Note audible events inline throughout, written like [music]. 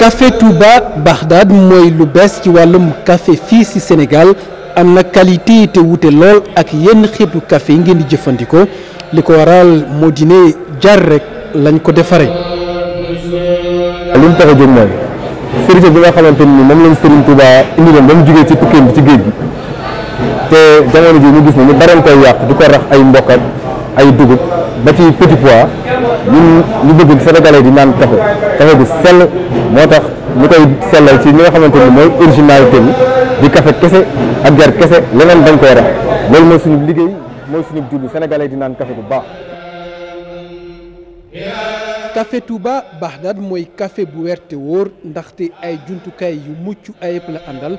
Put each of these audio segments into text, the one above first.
café Touba Bagdad mooy lu bees ci wàllum café fii ci Sénégal am na qualité te wute lool ak yenn xeetu café yi ngeen di jëfandikoo li ko waral moo di jar rek lañ ko defaree. li mu tax a jóg mooy service bi nga xamante ni moom lañ Serigne Touba indi leen ba mu jugee ci tukkeem bi ci géej gi te jamono ji ñu gis ne ñu bareen koy yàq di ko rax ay mbokkam ay dugub. ba ci petit pois ñun ñu bëgg sénégalais di naan café café bu sell moo tax ñu koy sellal ci li nga xamante ni mooy originalité bi di kafe kese ak jar kese leneen dañ koy rax loolu mooy suñu liggéey mooy suñu juddu sénégalais di naan café bu baax kafe café baax Bagdad mooy kafe bu werte wóor ndaxte ay jumtukaay yu mucc ayib la àndal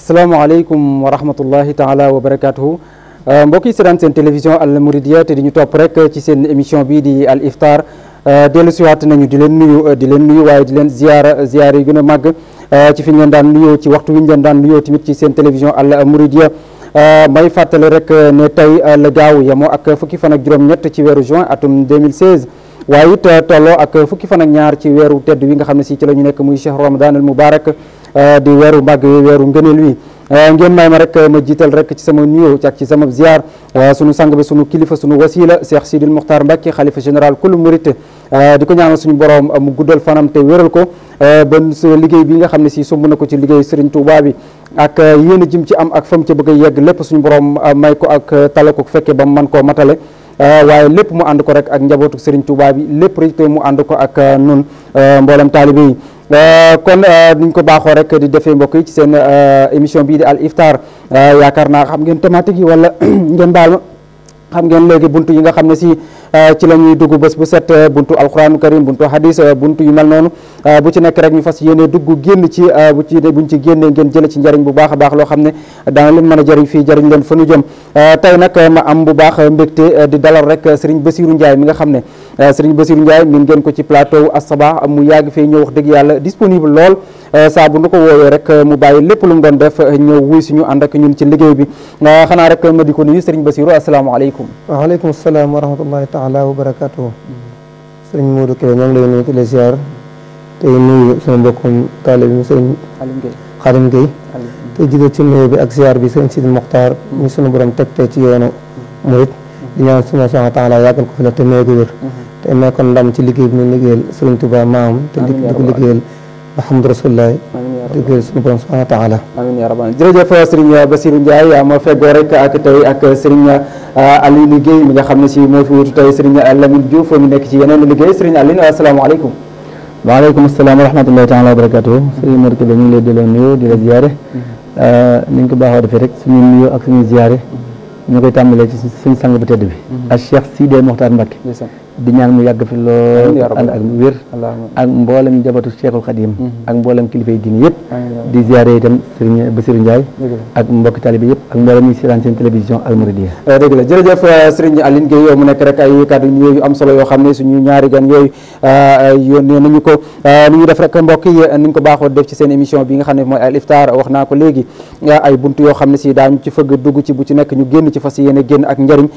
asalaamaaleykum wa rahmatullahi taala wa barakaatuhu euh, mbokk yi seetaan seen télévision Al Mouridiyyah te di ñu topp rek ci seen émission bii di Al Iftar euh, dellu siwaat nañu di leen nuyu di leen nuyu waaye di leen ziar ziar yi gën a màgg Eh, ci fi ñu leen daan nuyoo ci waxtu wi ñu leen daan nuyoo tamit ci seen télévision Al Mouridiyyah eh, may fàttali rek eh, ne tey la gaaw yemoo ak fukki fan ak juróom-ñett ci weeru juin atum 2016 waaye it tolloo ak fukki fan ak ñaar ci weeru tedd wi nga xam ne si ci la ñu nekk muy cheikh ramadan al mubarak di weeru màgg wi weeru ngëneel wi ngeen may ma rek ma jiital rek ci sama nuyoo ak ci sama ziar sunu sang bi sunu kilifa sunu wasila cheikh sidil muxtar mbàkke xalifa général kulu murit Euh, di ko ñaanal suñu borom euh, mu guddal fanam te wéral ko euh, ba liggéey bi nga xam ne si sumb na ko ci liggéey Serigne Touba bi ak yéen a jëm ci am ak fam ca bëgg a yegg lépp suñu borom may ko ak tala ko fekkee ba mu mën koo matale. waaye lépp mu ànd ko rek ak njabootu sëriñ Touba bi lépp rek te mu ànd ko ak nun mboolem taalibe yi kon niñ ko baaxoo rek di defee mbokk yi ci seen émission bii di al iftar yaakaar naa xam ngeen thématique yi wala [clears throat] ngeen baal xam ngeen léegi buntu yi nga xam ne si. Euh, ci la ñuy dugg bés bu set euh, bunt alquranu karim bunt hadis euh, bunt yu mel noonu bu ci nekk rek ñu fas yéene dugg génn ci bu ci buñ ci génnee ngeen jële ci njariñ bu baax a baax loo xam ne daana leen mën a jariñ fii jariñ leen fa nu jëm tey nag ma am bu baax mbégte di dalal rek sëriñ Basiru Ndiaye mi nga xam ne sëriñ Basiru Ndiaye min ngeen ko ci plateau As Sabah mu yàgg fee ñëw wax dëgg yàlla disponible lool Euh, saa bu nu ko woowee rek euh, mu lépp lu mu doon def euh, ñëw wuy suñu ànd ak ñun ci liggéey bi xanaa rek ma di ko nuyu sëriñ Basiru asalaamaaleykum waaleykum salaam wa rahmatullahi taala wa barakatuhu sëriñ Modou Kébé ñoo ngi lay nuyu télé ziar tey nuyu sama mbokkum taalib mi sëriñ Xadim Gueye te jiital ci nuyu bi ak ziar bi sëriñ Sidi Mokhtar ñu sunu borom teg tey ci yoonu murit di ñaan sunu subhaanahu wa taala yàggal ko fi la te mee ko wér te mee ko ndam ci liggéey bi ñu liggéeyal sëriñ Tuubaa maam te di Muhammadu Rasulullah dëgg suñu borom subhanahu wa taala amiin yaa rabbal jërëjëf Serigne Bassirou Ndiaye moo feggoo rek ak tey ak Serigne euh, Alioune Guèye mi nga xam ne si moo fi wutu tey Serigne Lamine Diouf mi nekk ci yeneen liggéey Serigne Alioune asalaamaaleykum waaleykum salaam wa rahmatullahi taala wa barakatuh mm-hmm. Serigne Mor Kébé ñu ngi lay delloo nuyoo di la mm-hmm. ziyaare mm-hmm. Euh, ni ñu ko baaxoo defee rek suñu nuyoo ak suñu ziyaare ñu koy tàmbalee ci suñu sang bu tedd bi ak Cheikh Sidé Mokhtar Mbacké di ñaan mu yàgg fi lool ànd ak wér ak mboolem jabatu ak mboolem kilifa yi diine yëpp di ziare itam Serigne Bassirou Ndiaye ak mbokki talibé ak mboolem ñuy seetaan seen télévision Al Mouridiyyah eh, dëgg la eh, am solo yoo xam ne suñu ñaari gan yooyu eh, yónnee ko ni ñu def rek mbokk yi ni ñu ko baaxoo def ci seen émission bi nga xam ne mooy Al Iftar wax naa ko léegi ay buntu yoo xam ne si daa ci fëgg dugg ci bu ci nekk ñu génn ci fas yéene génn ak njëriñ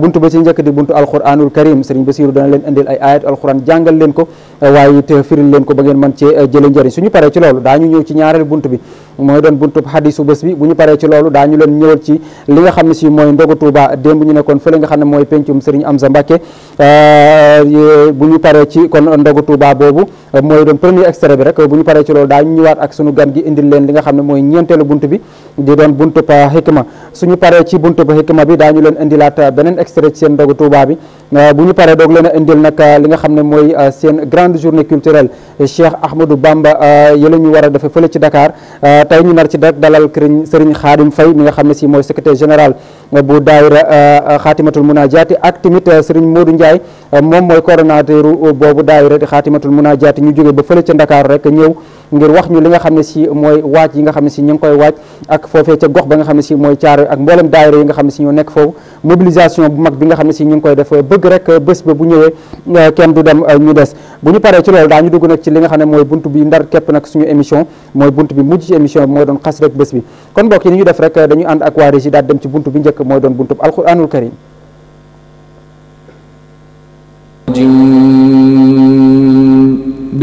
buntu ba ci njëkk di buntu alquranul karim Serigne Basiru dana leen indil ay ayat alxuraan jàngal leen ko waaye it firil leen ko ba ngeen mën cee eh, jële njëriñ suñu paree ci loolu daañu ñëw ci ñaareel bunt bi mooy doon buntub hadisu bés bi bu ñu paree ci loolu daañu leen ñëwal ci li nga xam ne si mooy ndogu Tuuba démb ñu nekkoon fële nga xam ne mooy pencum Sëriñ Amsa Mbàkke Euh, bu ñu paree ci kon ndogu Touba boobu euh, mooy doon premier extrait bi rek bu ñu paree ci loolu daa ñu ñëwaat ak suñu gan gi indil leen li nga xam ne mooy ñeenteelu bunt bi di doon buntu ba xikma suñu paree ci bunt ba xikma bi ñu leen indilaat euh, beneen extrait ci seen ndogu Touba bi bu ñu paree doog leen a indil nag li nga xam ne mooy seen grande journée culturelle Cheikh Ahmadou Bamba yële ñu war a dafa fële ci dakaar tey ñu nar ci dalal Sëriñ Xaadim Faye mi nga xam ne si mooy secrétaire général bu daayira eh, eh, xaatimatul munajaati ak tamit eh, sëriñ Modou Ndiaye moom mooy coordonnateur boobu daayira di xaatimatul munajaati ñu jóge ba fële ca Ndakaaru rek ñëw ngir wax ñu li nga xam ne si mooy waaj yi nga xam ne si ñu ngi koy waaj ak foofee ca gox ba nga xam ne si mooy caaro ak mboolem daayira yi nga xam ne si ñoo nekk foofu mobilisation bu mag bi nga xam ne si ñu ngi koy def bëgg rek bés ba bu ñëwee euh, kenn du dem euh, ñu des bu ñu paree ci loolu daa ñu dugg nag ci li nga xam ne mooy bunt bi ndar képp nag suñu émission mooy bunt bi mujj ci émission bi mooy doon xas rek bés bi kon mbokk yi ni ñu def rek dañu ànd bunt bi njëkk mooy doon buntub alquranul karim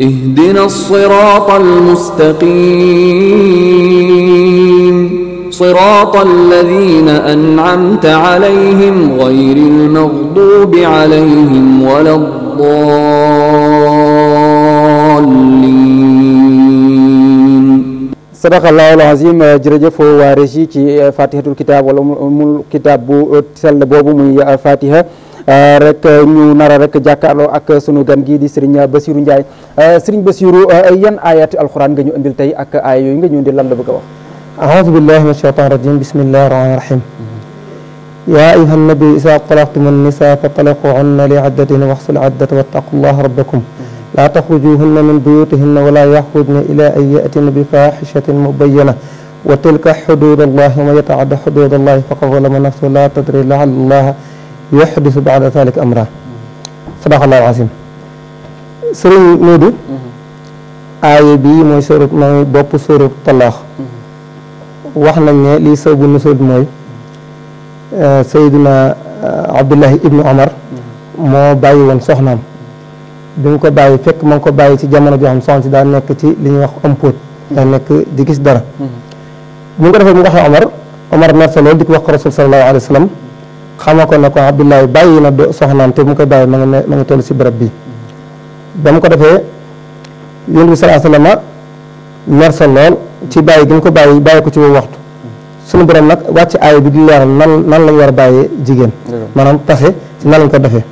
اهدنا الصراط المستقيم صراط الذين أنعمت عليهم غير المغضوب عليهم ولا الضالين صدق الله العظيم jërëjëf waa régie ci fatihatul kitab wala umul kitab bu sell boobu muy fatiha Euh, rek euh, ñu nara rek jàkkaarloo ak sunu gan gi di Serigne Bassirou Ndiaye euh, Serigne Bassirou yan ayati alxuraan nga ñu indil tey ak aaya yooyu nga ñu indil lan la bëgg a wax ahoudu billahi min ashaitan rajim bismillahi rahmani rahim ya ayuha annabi isa talaqtum annisa fa talaquhunna li addatin waxsul addata wattaqullaha rabbakum laa taxrujuhunna min buyutihinna wala yaxrujna ila an yatina bi faxishatin mubayana wa tilka xuduud allahi wa man yataadda xuduud allahi faqad zalama nafsahu la tadri laalla allaha yaxdisu baada zalika amra sadaqallahu asim sëriñ bii mooy sóorut mooy bopp sóorut talaax wax nañ ne lii saw bu nusul mooy eh, sayduna eh, abdullahi ibnu omar moo bàyyi woon soxnaam bi mu ko bàyyi fekk ma ko bàyyi ci jamono joo xam soxna si daa nekk ci li ñuy wax am póot daa nekk di gis dara mm-hmm. bi mu ko defee mu ko waxee omar omar di ko wax ko rasul sallallahu alayhi xama ko ne ko Abdoulaye bàyyi na do soxnaam te mu koy bàyyi ma nga ma nga toll si barab bi ba mu ko defee yonent bi salaa sallam mer sa lool ci bàyyi gi mu ko bàyyi bàyyi ko ci woo waxtu suñu borom nag wàcc aay bi di leeral nan nan lañ war a bàyyee jigéen maanaam tase ci nan lañ ko defee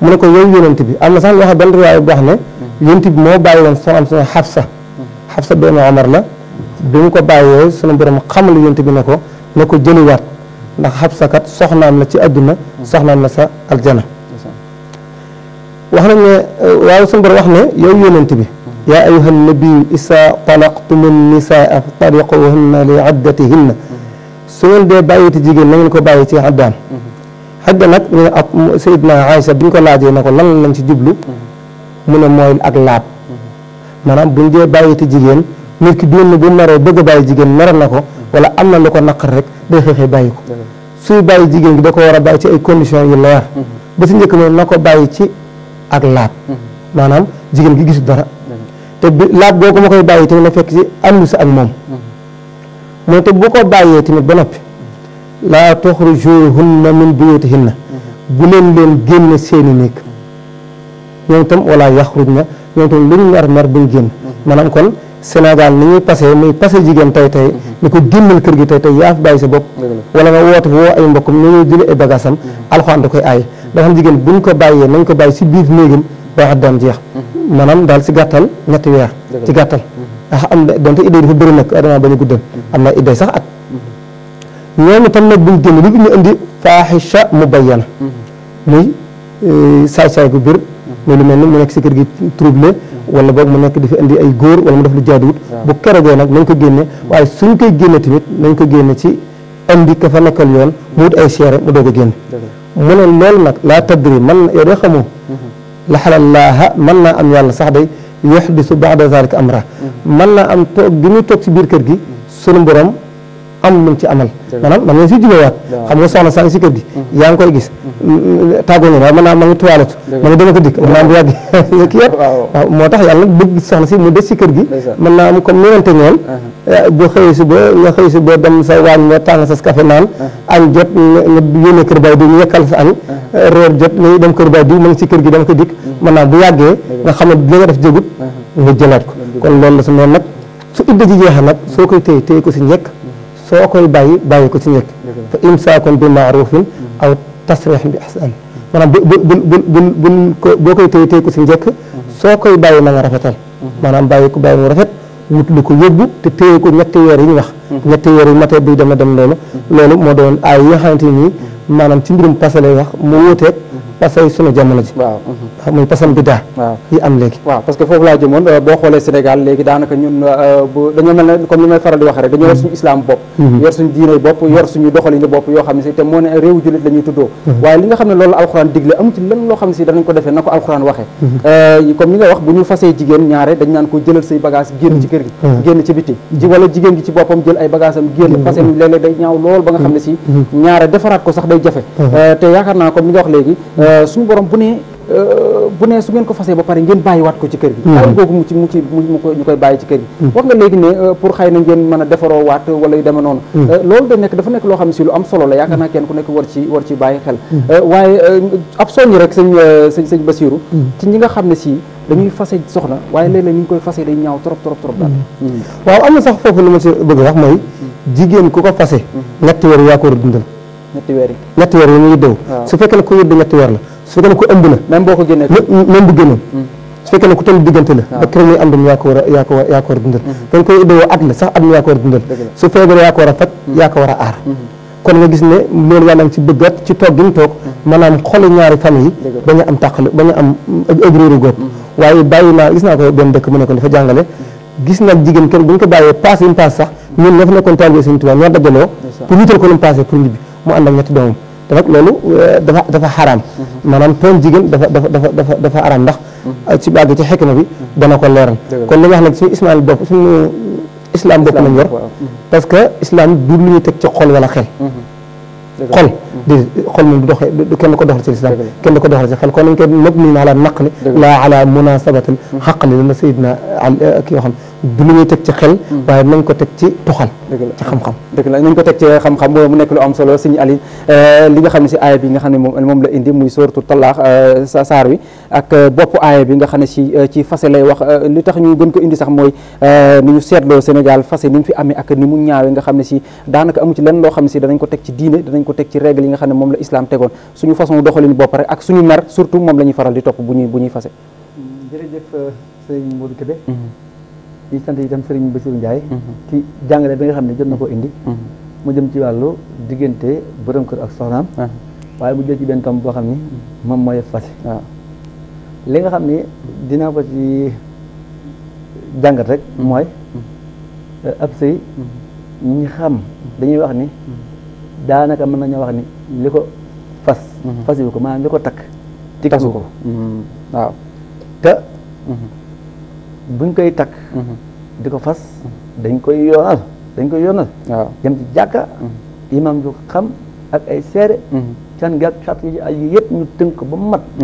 mu ne ko yow yonent bi am na sax wax benn riwaay bu wax ne yonent bi moo bàyyi woon soxnaam suñu Xafsa Xafsa doomu Omar la bi mu ko bàyyee suñu borom xamal yonent bi ne ko ne ko jëliwaat ndax xabsa kat soxnaan la ci àdduna soxnaam la sa aljana wax nañ ne waaw suñu borom wax ne yow yonent bi yaa ayuha nabiyu isaa talaqtumu nisaa fa tariquhunna li jigéen na ngeen ko bàyyi ci addaam xadda nag ñu ne ab ko laajee ne ko lan lañ ci jublu mu ne mooy ak laab maanaam buñ dee bàyyiti jigéen nit ki doon na bu meree bëgg a bàyyi jigéen mere na ko wala am na lu ko naqar rek day xeexee bàyyi ko suy bàyyi jigéen gi da ko war a bàyyi ci ay conditions yu leer ba si njëkk moom na ko bàyyi ci ak laab maanaam jigéen gi gisu dara te bi laab googu ma koy bàyyi na fekk te bu ko bàyyee ba noppi laa tuxrujuhunna min buyutihinna bu leen leen génne seeni néeg ñoom itam wala yaxruj na ñoom itam lu ñu mer buñ génn maanaam kon Sénégal ni ñuy pase muy passé jigéen tey tey mhm. ni ko génnal kër gi tey tey yaa fi bàyyi sa bopp wala nga woote woo ay mbokkam ni ñuy jëlee ay bagaasam mhm. alxuraan koy aay mhm. da xam jigéen buñ ko bàyyee nañ ko bàyyi si biir néegam ba wax doom jeex daal si gàttal ñetti weer ci gàttal ndax am donte idée dafa bëri nag am na idée sax at ñoom itam nag buñ génn li ñu indi faaxisha mu bayyana muy eh, saay-saay gu bir muy lu mel ni mu nekk si kër gi trouble wala boog mu nekk di fi indi ay góor wala mu def lu jaaduwut bu kerogee nag nañ ko génne hmm. waaye suñ koy génne tamit nañ ko génne ci indi ka fa nekkal yoon mu wut ay seere mu doog a génn mu ne loolu nag laa tadri man yow dee xamoo hmm. la xalallaaha mën naa am yàlla sax day yoxdisu baada zalika amra mën hmm. naa am toog gi muy toog ci biir kër gi sunu borom am lu ci amal maanaam da ngeen si jógewaat xam nga soxna sang si kër gi mm-hmm. yaa ngi koy gis mm-hmm. Mm-hmm. tàggoo ngeen waaye mën naa ma ngi toilette ma ngi dama ko dikk mën naa bu yàgg kii [laughs] yëpp waaw moo tax yàlla bëgg soxna si mu des si kër gi mën naa am comme newante ngeen boo xëyee si ba nga xëy si ba dem sa waañ nga tàng sa café naan uh-huh. añ jot nga yónnee kër bay diw ñu yekkal sa añ uh-huh. eh, reer jot nga dem kër bay diw ma ngi si kër gi bu yàggee nga xam ne li nga def jógut uh-huh. nga jëlaat ko kon loolu la su noonu nag su idda ji jeexee nag soo koy téye téye ko si njëkk soo koy bàyyi bàyyi ko ci njëkk fa imsaakun bi maarufin aw tasriixin bi ihsaan maanaam bu bu bu bu boo koy téye téye ko ci njëkk soo koy bàyyi na nga rafetal maanaam ko bàyyi mu rafet wut lu ko yóbbu te téye ko ñetti weer yi ñu wax ñetti weer matee buy dema dem loolu loolu moo doon ay yi nga xamante nii maanaam ci mbirum passé wax mu wuuteeg pasay sunu jamono ji waaw muy pasam biddaa yi am léegi waaw parce foofu laa jëmoon euh, boo xoolee Sénégal léegi daanaka ñun euh, dañoo mel ne comme li may faral di wax rek dañoo yor suñu islam mhm. bopp yor suñu diine bopp yor suñu doxalin bopp yoo xam ne si te moo ne réewu jullit la ñuy tuddoo mhm. waaye li nga xam ne loolu alxuraan digle amu ci lan ko defee na ko alxuraan waxee mhm. euh, comme li nga wax bu ñu fasee jigéen ñaare dañ naan Euh, suñu borom bu euh, bu ne su ngeen ko fasee ba pare ngeen bàyyiwaat ko ci kër gi alal hmm. googu mu ci mu ci mu ko ñu koy bàyyi ci kër gi hmm. wax nga léegi ne euh, pour xëy na ngeen mën a defaroo waat wala yu demee noonu hmm. loolu da nekk dafa nekk loo xam ne si lu am solo la yaakaar naa kenn ku nekk war ci war ci bàyyi xel waaye ab soññ rek sëñ ñi nga xam ne si dañuy fase soxna waaye léeg-léeg ni ñu koy fase day ñaaw trop trop trop daal waaw am na sax foofu lu ma si bëgg wax mooy jigéen ku ko fase ñetti weer yaa ko war a dundal ñetti weer yi ñetti weer yi ñu yëddewu su fekkee ne ku yëdd ñetti weer la su fekkee ne ku ëmb na même boo ko génnee même bu génnoon hmm. su fekkee ne ku toll diggante la ba ko war a yaa ko yaa ko war a dundal hmm. dañ koy yëddewoo at la sax a hmm. a a mu mu ne dafa jàngale gis nag jigéen kenn bu ñu ko bàyyee paas yi mu sax ñun ñoo fa nekkoon taalibe Sëriñ Tuubaa ñoo dajaloo pour wutal ko lu mu paasee pour ñibbi mu ànd ak ñetti doomam te nag loolu euh, dafa dafa xaraam mm-hmm. maanaam tooñ jigéen dafa dafa dafa dafa dafa xaraam mm-hmm. ci bàgg ci xikma bi mm-hmm. dana ko leeral kon li nga xam ismaan suñu ismail bopp suñu islam bopp lañ yor parce que islam du lu ñu teg ci xol wala xel xol di xol moom du doxee du kenn ko doxal ci islam kenn du ko doxal ci xel kon nañ koy mabni ala naqli la ala munasabatin xaqli la sayidna euh, ki waxoon du lu ñu teg ci xel hmm. waaye nañ ko teg ci tuxal ci xam-xam dëgg la nañ ko teg ci xam-xam mu nekk lu am solo sëñ Ali euh, li xam ne si aaya bi nga xam ne moom moom la indi muy sóortu talaax euh, sa saar wi ak euh, bopp aaya bi nga xam ne si ci fase lay wax li tax ñu gën ko indi sax mooy ni ñu seetloo Sénégal fase ni mu fi amee ak ni mu ñaawee nga xam ne si daanaka amu ci lenn loo xam ne si danañ ko teg ci diine danañ ko teg ci règle yi nga xam ne moom la islam tegoon suñu façon doxalin bopp rek ak suñu mer surtout moom la ñuy faral di topp bu ñuy bu ñuy fase hmm, jërëjëf sëñ Modou Kébé hmm. di sant itam Serigne Bassirou Ndiaye mhm. ci jàngale bi nga xam ne jot na ko indi mhm. mu jëm ci wàllu diggante borom kër ak soxnaam ah. waaye mu jël ci benn tomb boo xam ni mhm. moom mooy fas ah. li nga xam ni dina ko ci jàngat rek mooy eh, ab sëy ñi xam dañuy wax ni daanaka mën nañoo wax ni li ko fas fas ko maanaam li ko takk tikku ko waaw te buñ koy takk mhm. di ko fas dañ koy yoonal dañ koy yoonal waaw dem ci jàkka mhm. imam ju xam ak ay seere mhm. can gi ak sart yi yëpp ñu tënk ba mat